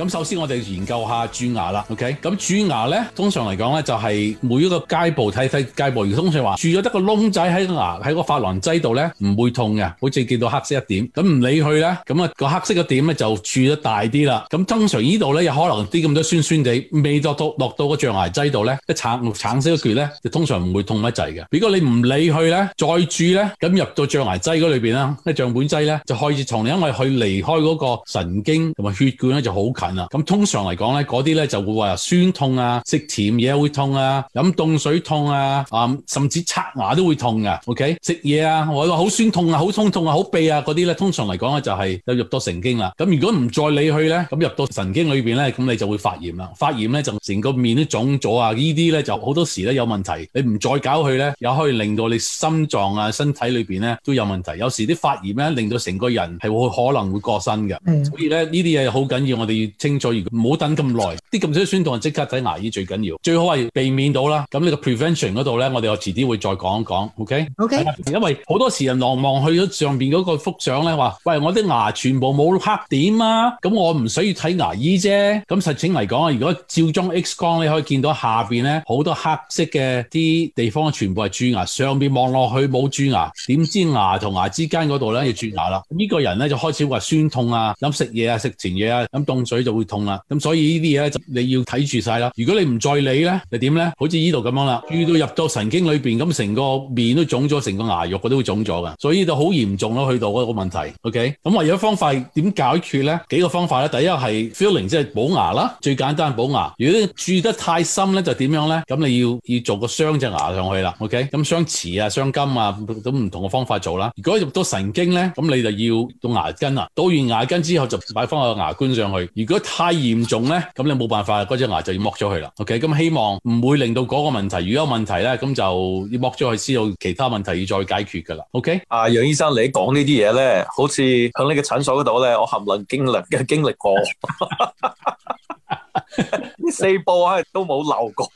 咁首先我哋研究下蛀牙啦，OK？咁蛀牙咧，通常嚟講咧就係每一個階部睇睇階部，如果通常話蛀咗得個窿仔喺個牙喺個琺瑯質度咧，唔會痛嘅，好似見到黑色一點。咁唔理佢咧，咁啊個黑色嘅點咧就蛀得大啲啦。咁通常呢度咧有可能啲咁多酸酸地未到到落到個象牙質度咧，一橙橙色嘅血咧就通常唔會痛乜滯嘅。如果你唔理佢咧，再蛀咧，咁入到象牙質嗰裏邊啦，即係象牙質咧，就開始從嚟因為佢離開嗰個神經同埋血管咧就好近，咁通常嚟講咧，嗰啲咧就會話酸痛啊，食甜嘢會痛啊，飲凍水痛啊，啊、嗯、甚至刷牙都會痛噶。OK，食嘢啊，我話好酸痛啊，好痛痛啊，好痹啊，嗰啲咧通常嚟講咧就係有入到神經啦。咁如果唔再理去咧，咁入到神經裏邊咧，咁你就會發炎啦。發炎咧就成個面都腫咗啊！呢啲咧就好多時咧有問題，你唔再搞去咧，又可以令到你心臟啊、身體裏邊咧都有問題。有時啲發炎咧令到成個人係會可能會過身嘅。嗯、所以咧呢啲嘢好緊要，我哋要。清楚，唔好等咁耐，啲咁少酸痛即刻睇牙醫最緊要，最好係避免到啦。咁你個 prevention 嗰度咧，我哋我遲啲會再講一講，OK？OK。OK? OK? 因為好多時人望望去咗上面嗰個幅相咧，話，喂，我啲牙全部冇黑點啊，咁我唔使要睇牙醫啫。咁實情嚟講啊，如果照張 X 光你可以見到下面咧好多黑色嘅啲地方，全部係蛀牙。上面望落去冇蛀牙，點知牙同牙之間嗰度咧要蛀牙啦？呢個人咧就開始話酸痛啊，飲食嘢啊，食甜嘢啊，飲凍水、啊會痛啦，咁所以呢啲嘢咧，就你要睇住晒啦。如果你唔再理咧，就點咧？好似呢度咁樣啦，蛀到入到神經裏邊，咁成個面都腫咗，成個牙肉都會腫咗噶。所以就好嚴重咯，去到嗰個問題。O K，咁唯有一方法點解決咧？幾個方法咧？第一係 filling 即係補牙啦，最簡單係補牙。如果你蛀得太深咧，就點樣咧？咁你要要做個鑲隻牙上去啦。O K，咁鑲瓷啊、鑲金啊，咁唔同嘅方法做啦。如果入到神經咧，咁你就要杜牙根啦。杜完牙根之後，就擺翻個牙冠上去。如果太嚴重咧，咁你冇辦法，嗰隻牙就要剝咗佢啦。OK，咁希望唔會令到嗰個問題。如果有問題咧，咁就要剝咗佢，先有其他問題要再解決噶啦。OK，啊，楊醫生，你講呢啲嘢咧，好似喺你嘅診所嗰度咧，我冚唪唥經歷嘅經歷過，呢四步都冇漏過。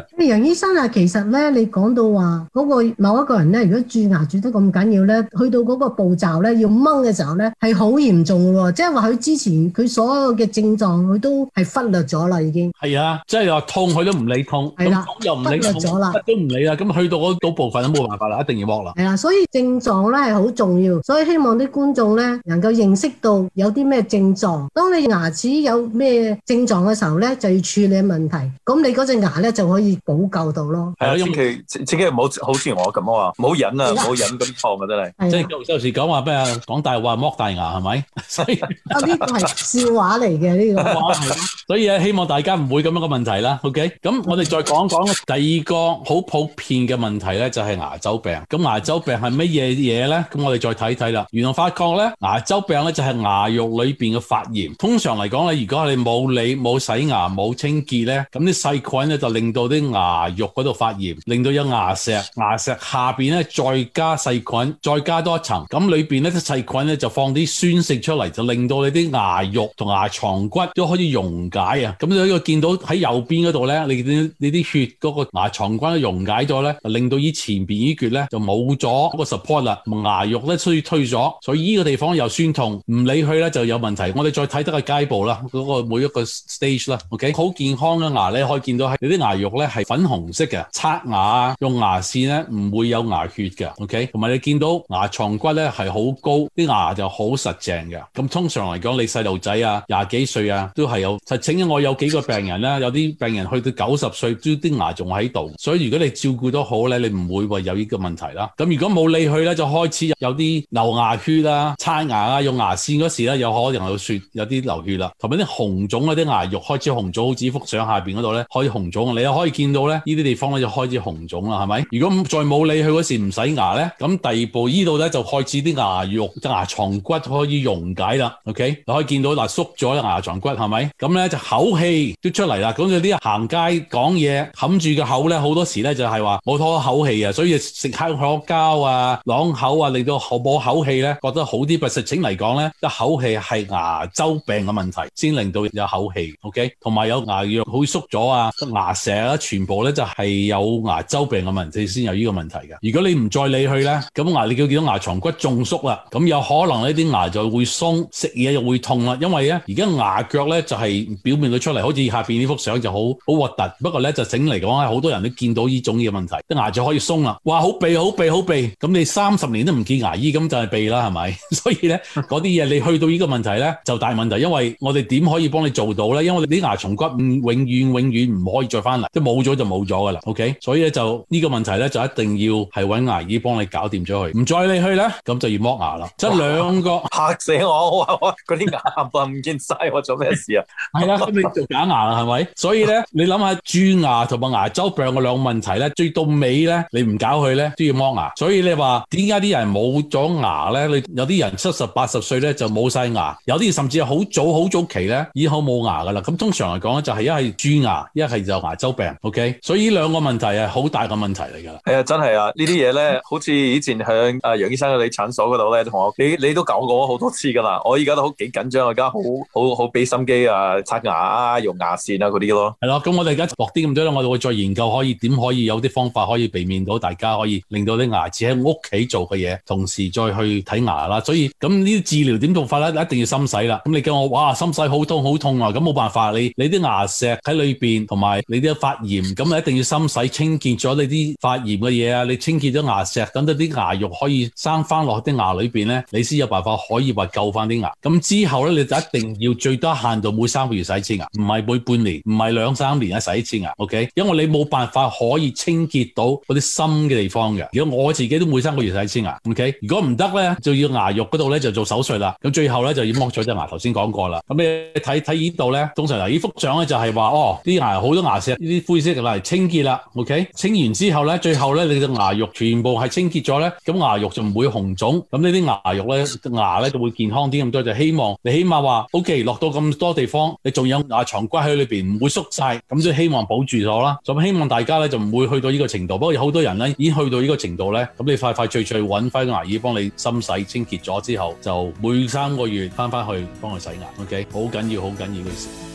楊醫生啊，其實咧，你講到話嗰、嗰個某一個人咧，如果蛀牙蛀得咁緊要咧，去到嗰個步驟咧要掹嘅時候咧，係好嚴重嘅喎。即係話佢之前佢所有嘅症狀，佢都係忽略咗啦，已經。係啊，即係話痛佢都唔理痛，咁、啊、痛又唔理痛，忽略都唔理啦。咁去到嗰部分都冇辦法啦，一定要剝啦。係啦、啊，所以症狀咧係好重要，所以希望啲觀眾咧能夠認識到有啲咩症狀。當你牙齒有咩症狀嘅時候咧，就要處理問題。咁你嗰隻牙咧就可以。補救到咯，係啊，因為自己唔好，好似我咁啊，冇忍啊，冇的忍咁錯啊，真係，即係有時講話咩講大話，剝大牙係咪？所以呢個係笑話嚟嘅呢個、 嗯、所以咧希望大家唔會咁樣嘅問題啦。OK，咁我哋再講講第二個好普遍嘅問題咧，就係牙周病。咁牙周病係乜嘢嘢咧？咁我哋再睇睇啦。原來發覺咧，牙周病咧就係、是、牙肉裏邊嘅發炎。通常嚟講咧，如果你冇理冇洗牙冇清潔咧，咁啲細菌咧就令到啲牙牙肉嗰度發炎，令到有牙石，牙石下邊咧再加細菌，再加多一層，咁裏邊咧啲細菌咧就放啲酸性出嚟，就令到你啲牙肉同牙床骨都可以溶解啊！咁你會見到喺右邊嗰度咧，你啲你啲血嗰個牙床骨都溶解咗咧，令到依前邊呢橛咧就冇咗個 support 啦，牙肉咧衰退咗，所以呢個地方又酸痛，唔理佢咧就有問題。我哋再睇得個階步啦，嗰、嗰個每一個 stage 啦，OK，好健康嘅牙咧可以見到係你啲牙肉咧係。粉紅色嘅刷牙用牙線咧唔會有牙血嘅，OK，同埋你見到牙床骨咧係好高，啲牙就好實淨嘅。咁通常嚟講，你細路仔啊、廿幾歲啊都係有。實情我有幾個病人啦，有啲病人去到九十歲，都啲牙仲喺度。所以如果你照顧得好咧，你唔會話有呢個問題啦。咁如果冇理佢咧，就開始有啲流牙血啦、啊、刷牙啊用牙線嗰時咧，有可能有血，有啲流血啦、啊，同埋啲紅腫嗰啲牙肉開始紅腫，好似幅相下面嗰度咧可以紅腫，你可以見到。到咧呢啲地方咧就開始紅腫啦，係咪？如果再冇理去嗰時唔洗牙咧，咁第二步呢度咧就開始啲牙肉、就是、牙床骨可以溶解啦。OK，你可以見到嗱縮咗牙床骨，係咪？咁咧就口氣都出嚟啦。咁有啲行街講嘢冚住個口咧，好多時咧就係話冇拖口氣啊，所以食香口膠啊、朗口啊，令到冇口氣咧，覺得好啲。但實情嚟講咧，一口氣係牙周病嘅問題，先令到有口氣。OK，同埋有，有牙肉好縮咗啊，牙石全。我咧就係有牙周病嘅問題，你先有呢個問題嘅。如果你唔再理佢咧，咁牙你叫見到牙床骨中縮啦，咁有可能呢啲牙就會鬆，食嘢又會痛啦。因為咧，而家牙腳咧就係、是、表面到出嚟，好似下面呢幅相就好好核突。不過咧，就整嚟講咧，好多人都見到呢種嘢問題，啲牙就可以鬆啦。哇，好痹，好痹，好痹！咁你三十年都唔見牙醫，咁就係鼻啦，係咪？所以咧，嗰啲嘢你去到呢個問題咧，就大問題，因為我哋點可以幫你做到咧？因為你啲牙床骨永遠永遠唔可以再翻嚟，即冇。咁就冇咗噶啦，OK，所以就呢、呢個問題咧，就一定要係揾牙醫幫你搞掂咗佢，唔再嚟，去咧，咁就要剝牙啦。即係兩個吓死我，嗰啲牙合啊，唔見晒，我， 我做咩事啊？係啦，咁你做假牙啊，係咪？ 所以咧，你諗下蛀牙同埋牙周病兩個兩問題咧，最到尾咧，你唔搞佢咧，都要剝牙。所以你話點解啲人冇咗牙咧？你有啲人七十八十歲咧就冇晒牙，有啲甚至係好早好早期咧以後冇牙噶啦。咁通常嚟講咧，就係一係蛀牙，一係就牙周病。Okay? Okay. 所以呢兩個問題係好大嘅問題嚟㗎。係啊，真係啊，呢啲嘢咧，好似以前向啊楊醫生去你診所嗰度咧，同我你你都搞過好多次㗎啦。我而家都好幾緊張，我而家好好好俾心機啊，刷牙啊，用牙線啊嗰啲咯。係咯，咁我哋而家落啲咁多啦，我哋會再研究可以點可以有啲方法可以避免到大家可以令到啲牙齒喺屋企做嘅嘢，同時再去睇牙啦。所以咁呢啲治療點做法咧，一定要深洗啦。咁你叫我哇，深洗好痛好痛啊！咁冇辦法，你你啲牙石喺裏邊，同埋你啲發炎。咁你一定要深洗清潔咗你啲發炎嘅嘢啊！你清潔咗牙石，等到啲牙肉可以生翻落啲牙裏面咧，你先有辦法可以話救翻啲牙。咁之後咧，你就一定要最多限度每三個月洗一次牙，唔係每半年，唔係兩三年啊洗一次牙。OK，因為你冇辦法可以清潔到嗰啲深嘅地方嘅。如果我自己都每三個月洗一次牙。OK，如果唔得咧，就要牙肉嗰度咧就做手術啦。咁最後咧就要剝咗隻牙。頭先講過啦。咁你睇睇呢度咧，通常嚟，呢幅相咧就係話哦，啲牙好多牙石，呢啲灰色。清潔啦，OK？清完之後咧，最後咧，你隻牙肉全部係清潔咗咧，咁牙肉就唔會紅腫，咁呢啲牙肉咧，牙咧就會健康啲咁多。就希望你起碼話 OK，落到咁多地方，你仲有牙床骨喺裏面唔會縮晒。咁所以希望保住咗啦。咁希望大家咧就唔會去到呢個程度。不過有好多人咧已經去到呢個程度咧，咁你快快脆脆揾翻牙醫幫你深洗清潔咗之後，就每三個月翻返去幫佢洗牙。OK，好緊要，好緊要嘅事。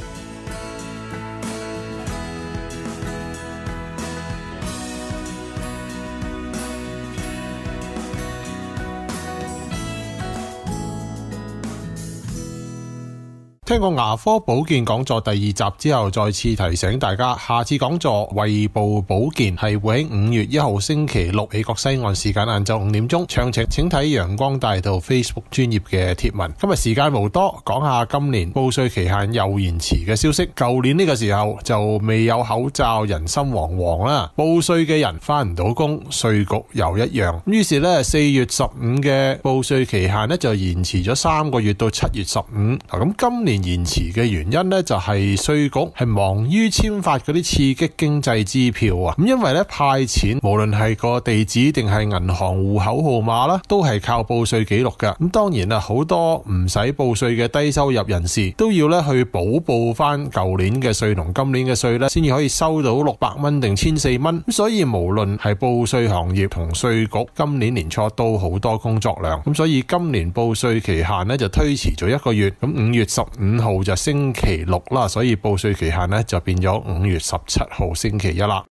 香港牙科保健講座第二集之後，再次提醒大家，下次講座胃部保健係會喺五月一號星期六美國西岸時間晏晝五點鐘。詳情請睇陽光大道 Facebook 專業嘅貼文。今日時間無多，講下今年報稅期限又延遲嘅消息。舊年呢個時候就未有口罩，人心惶惶啦。報稅嘅人翻唔到工，稅局又一樣。於是咧，四月十五嘅報稅期限咧就延遲咗三個月到七月十五。咁今年延遲嘅原因呢，就係稅局係忙於簽發嗰啲刺激經濟支票啊！咁因為咧派錢，無論係個地址定係銀行戶口號碼啦，都係靠報稅記錄㗎。咁當然啦，好多唔使報稅嘅低收入人士，都要咧去補報翻舊年嘅稅同今年嘅稅咧，先至可以收到六百蚊定千四蚊。咁所以無論係報稅行業同稅局，今年年初都好多工作量。咁所以今年報稅期限呢，就推遲咗一個月。咁五月十五。五號就星期六啦，所以報稅期限咧就變咗五月十七號星期一啦。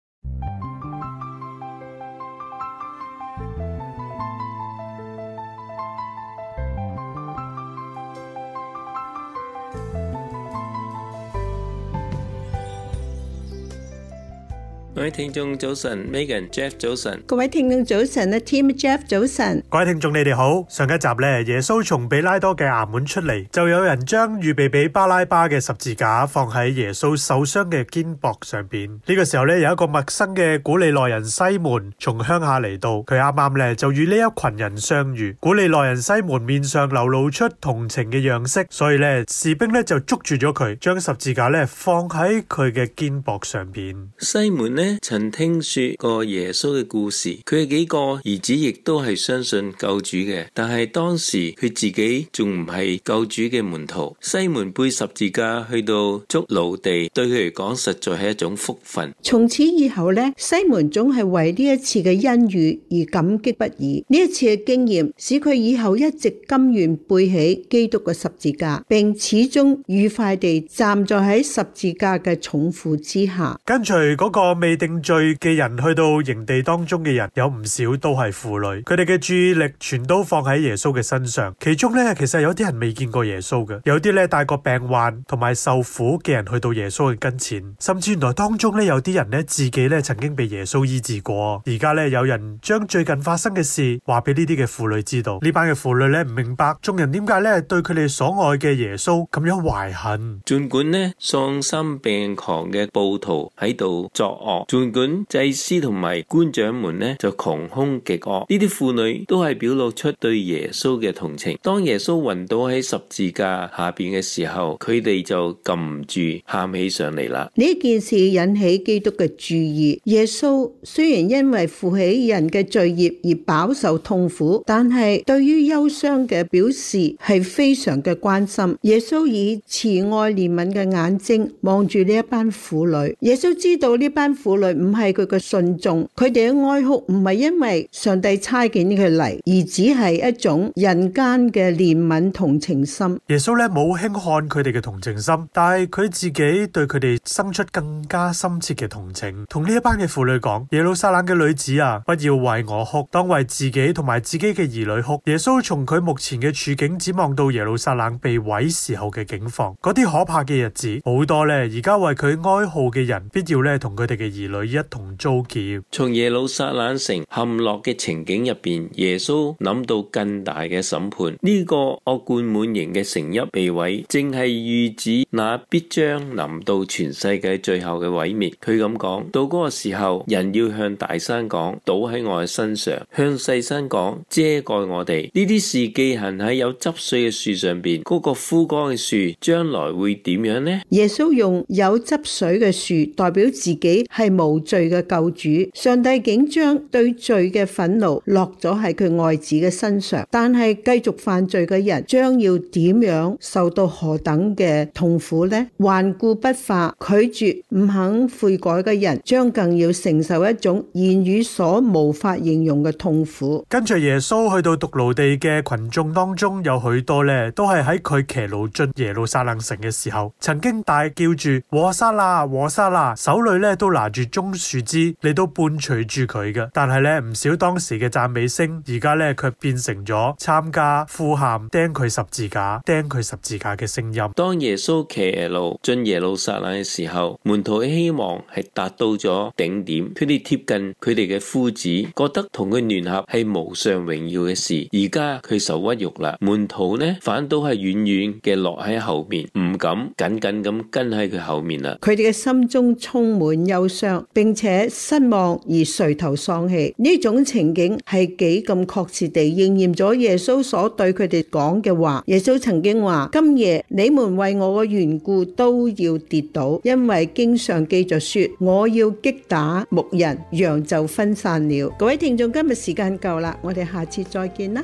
各位聽眾早晨，Megan、Jeff 早晨，各位聽眾早晨啊，Tim、Jeff 早晨，各位聽眾你哋好。上一集咧，耶穌從彼拉多嘅衙門出嚟，就有人將預備俾巴拉巴嘅十字架放喺耶穌受傷嘅肩膊上邊。呢個時候咧，有一個陌生嘅古利奈人西門從鄉下嚟到，佢啱啱咧就與呢一群人相遇。古利奈人西門面上流露出同情嘅樣式，所以咧士兵咧就捉住咗佢，將十字架咧放喺佢嘅肩膊上邊。西門咧。曾聽說過耶穌嘅故事，佢嘅幾個兒子亦都係相信救主嘅，但係當時佢自己仲唔係救主嘅門徒。西門背十字架去到髑髏地，對佢嚟講實在係一種福分。從此以後咧，西門總係為呢一次嘅恩遇而感激不已。呢一次嘅經驗使佢以後一直甘願背起基督嘅十字架，並始終愉快地站在喺十字架嘅重負之下。跟隨嗰、那個未。定罪嘅人去到營地當中嘅人，有唔少都係婦女，佢哋嘅注意力全都放喺耶穌嘅身上。其中咧，其實有啲人未見過耶穌嘅，有啲咧帶過病患同埋受苦嘅人去到耶穌嘅跟前，甚至原來當中咧有啲人咧自己咧曾經被耶穌醫治過，而家咧有人將最近發生嘅事話俾呢啲嘅婦女知道。這班呢班嘅婦女咧唔明白眾人點解咧對佢哋所愛嘅耶穌咁樣懷恨，盡管咧喪心病狂嘅暴徒喺度作惡。儘管祭司同埋官長們呢就窮凶極惡，呢啲婦女都係表露出對耶穌嘅同情。當耶穌暈倒喺十字架下邊嘅時候，佢哋就禁唔住喊起上嚟啦。呢件事引起基督嘅注意。耶穌雖然因為負起人嘅罪孽而飽受痛苦，但係對於憂傷嘅表示係非常嘅關心。耶穌以慈愛憐憫嘅眼睛望住呢一班婦女。耶穌知道呢班婦。婦女唔係佢嘅信眾，佢哋嘅哀哭唔係因為上帝差遣佢嚟，而只係一種人間嘅憐憫同情心。耶穌咧冇輕看佢哋嘅同情心，但係佢自己對佢哋生出更加深切嘅同情。同呢一班嘅婦女講：耶路撒冷嘅女子啊，不要為我哭，當為自己同埋自己嘅兒女哭。耶穌從佢目前嘅處境，展望到耶路撒冷被毀時候嘅境況，嗰啲可怕嘅日子好多咧。而家為佢哀號嘅人，必要咧同佢哋嘅兒。兒女一同遭劫，從耶路撒冷城陷落嘅情景入邊，耶穌諗到更大嘅審判。呢個惡貫滿盈嘅城邑被毀，正係預指那必將臨到全世界最後嘅毀滅。佢咁講：到嗰個時候，人要向大山講倒喺我嘅身上，向細山講遮蓋我哋。呢啲事既行喺有汁水嘅樹上邊，嗰個枯乾嘅樹將來會點樣呢？耶穌用有汁水嘅樹代表自己係無罪嘅救主，上帝竟將對罪嘅憤怒落咗喺佢愛子嘅身上。但係繼續犯罪嘅人，將要點樣受到何等嘅痛苦呢？頑固不化、拒絕唔肯悔改嘅人，將更要承受一種言語所無法形容嘅痛苦。跟住耶穌去到髑髏地嘅群眾當中，有許多呢，都係喺佢騎驢進耶路撒冷城嘅時候，曾經大叫住和沙拉、和沙拉，手裏咧都拿住中樹枝，你都伴隨住佢嘅。但係咧，唔少當時嘅讚美聲，而家咧卻變成咗參加呼喊釘佢十字架、釘佢十字架嘅聲音。當耶穌騎驢進耶路撒冷嘅時候，門徒嘅希望係達到咗頂點，佢哋貼近佢哋嘅夫子，覺得同佢聯合係無上榮耀嘅事。而家佢受屈辱啦，門徒呢反倒係遠遠嘅落喺後面，唔敢緊緊咁跟喺佢後面啦。佢哋嘅心中充滿憂傷。並且失望而垂頭喪氣，呢種情景係幾咁確切地應驗咗耶穌所對佢哋講嘅話。耶穌曾經話：今夜你們為我嘅緣故都要跌倒，因為經常記著說我要擊打牧人，羊就分散了。各位聽眾，今日時間夠啦，我哋下次再見啦。